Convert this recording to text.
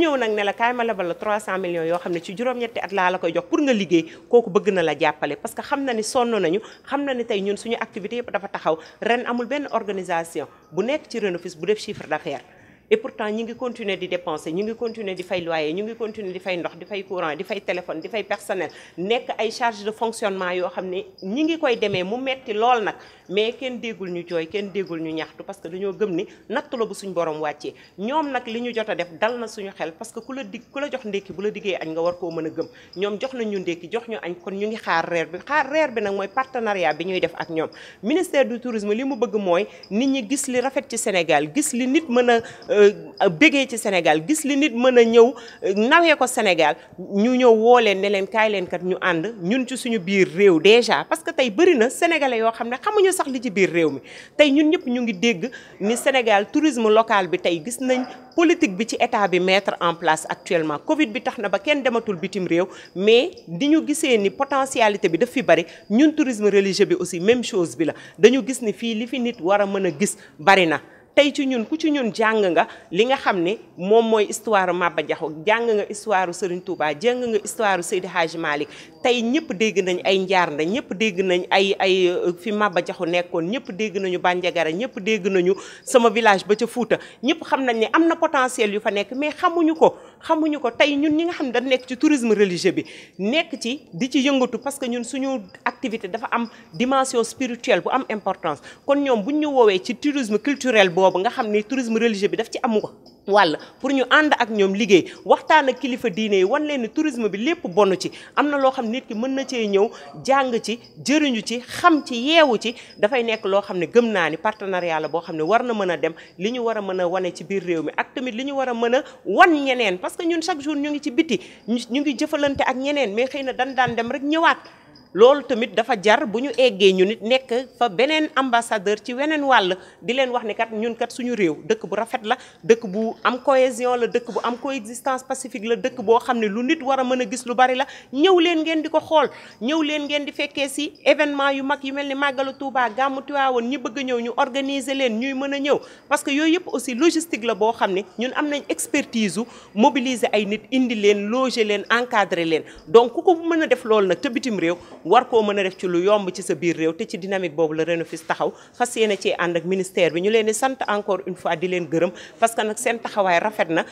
ñew nak ne la kayma la bal 300 millions yo xamne ci juroom ñetti at la la koy jox pour nga liggéey koku bëgg na la jappalé parce que xamna ni sonu nañu xamna ni tay ñun suñu activité yëpp dafa taxaw ren amul ben organisation bu nekk ci renofis bu def chiffre d'affaires et pourtant ñu ngi continuer di dépenser ñu ngi continuer di fay loyer ñu ngi continuer di fay ndox di fay courant di fay téléphone di fay personnel nek ay charges de fonctionnement yo xamné ñi ngi koy démé mu metti lool nak mais kenn déggul ñu jooy kenn déggul ñu ñaxtu parce que dañoo gëm ni natt la bu suñ borom wàccee ñom nak li ñu jot def dal na suñu xel parce que kula dig kula jox ndékki bu la diggee añ nga war ko mëna gëm ñom jox nañ ñu ndékki jox ñu añ kon ñu ngi xaar reer bi xaar reer bi nak moy partenariat bi ñuy def ak ñom ministère du tourisme li mu bëgg moy nit ñi gis li rafet ci Sénégal gis li nit mëna a euh, Euh, euh, bëggee ci Sénégal gis li nit mën a ñëw euh, nawee ko Sénégal ñu ñëw woo leen ne leen kaay leen kat ñu ànd ñun ci suñu biir réew déjà parce que tey bëri na sénégalais yoo xam ne xamuñu sax li ci biir réew mi tey ñun ñëpp ñu ngi dégg ni Sénégal tourisme local bi tey gis nañ politique bi ci état bi mettre en place actuellement Covid bi tax na ba kenn dematul bitim réew mais di ñu gisee ni potentialité bi daf fi bari ñun tourisme religieux bi aussi même chose bi la dañu gis ni fii li fi nit war a mën a gis bari na tey ci ñun ku ci ñun jàng nga li nga xam ne moom mooy histoire Maba Diakhou jàng nga histoire Serigne Touba jàng nga histoire Seydi Hadji Malick tey ñëpp dégg nañ ay njaarnda ñëpp dégg nañ ay ay euh, fi Maba Diakhou nekkoon ñëpp dégg nañu Bandiagara ñëpp dégg nañu sama village ba ca Fouta ñëpp xam nañ ni am na potentiel yu fa nekk mais xamuñu ko xamuñu ko tey ñun ñi nga xam ne dañ nekk ci tourisme religieux bi nekk ci di ci yëngatu parce que ñun suñu activité dafa am dimension spirituelle bu am importance kon ñoom buñ ñu woowee ci tourisme culturel boobu nga xam ni tourisme religieux bi daf ci amu ko wàll pour ñu ànd ak ñoom liggéey waxtaan ak kilifa diine yi wan leen ni tourisme bi lépp bonn ci am na loo xam nit ki mën na cee ñëw jàng ci jëriñu ci xam ci yeewu ci dafay nekk loo xam ne gëm naa ni partenariat la boo xam ne war na mën a dem li ñu war a mën a wane ci biir réew mi ak tamit li ñu war a mën a wan ñeneen parce que ñun chaque jour ñu ngi ci biti ñu ngi jëfalante ak ñeneen mais xëy na dan daan dem rek ñëwaat lol tamit dafa jar buñu éggé eggee ñu nit nek fa benen ambassadeur ci wenen wall di leen wax ni kat ñun kat suñu réew dëkk bu rafet la dëkk bu am cohésion la dëkk bu am coexistence pacifique la dëkk bo xamné lu nit wara mëna gis lu bari la ñew leen ngeen di ko xool ñëw leen ngeen di fekkee ci événement yu mag yu melni ni touba Touba gàmmu Tiwaawoon ñi bëgg ñew ñu organiser leen ñuy mëna ñew parce que yoy yëpp aussi logistique la bo xamné ñun am nañ expertise mobiliser ay nit indi leen loger leen encadrer leen donc ku ko mëna def lol nak te bitim réew war koo mën a def ci lu yomb ci sa biir réew te ci dynamique boobu la Renofis taxaw fas yéene ci ànd ak ministère bi ñu leen di sant encore un fois di leen gërëm parce que nag seen taxawaay rafet na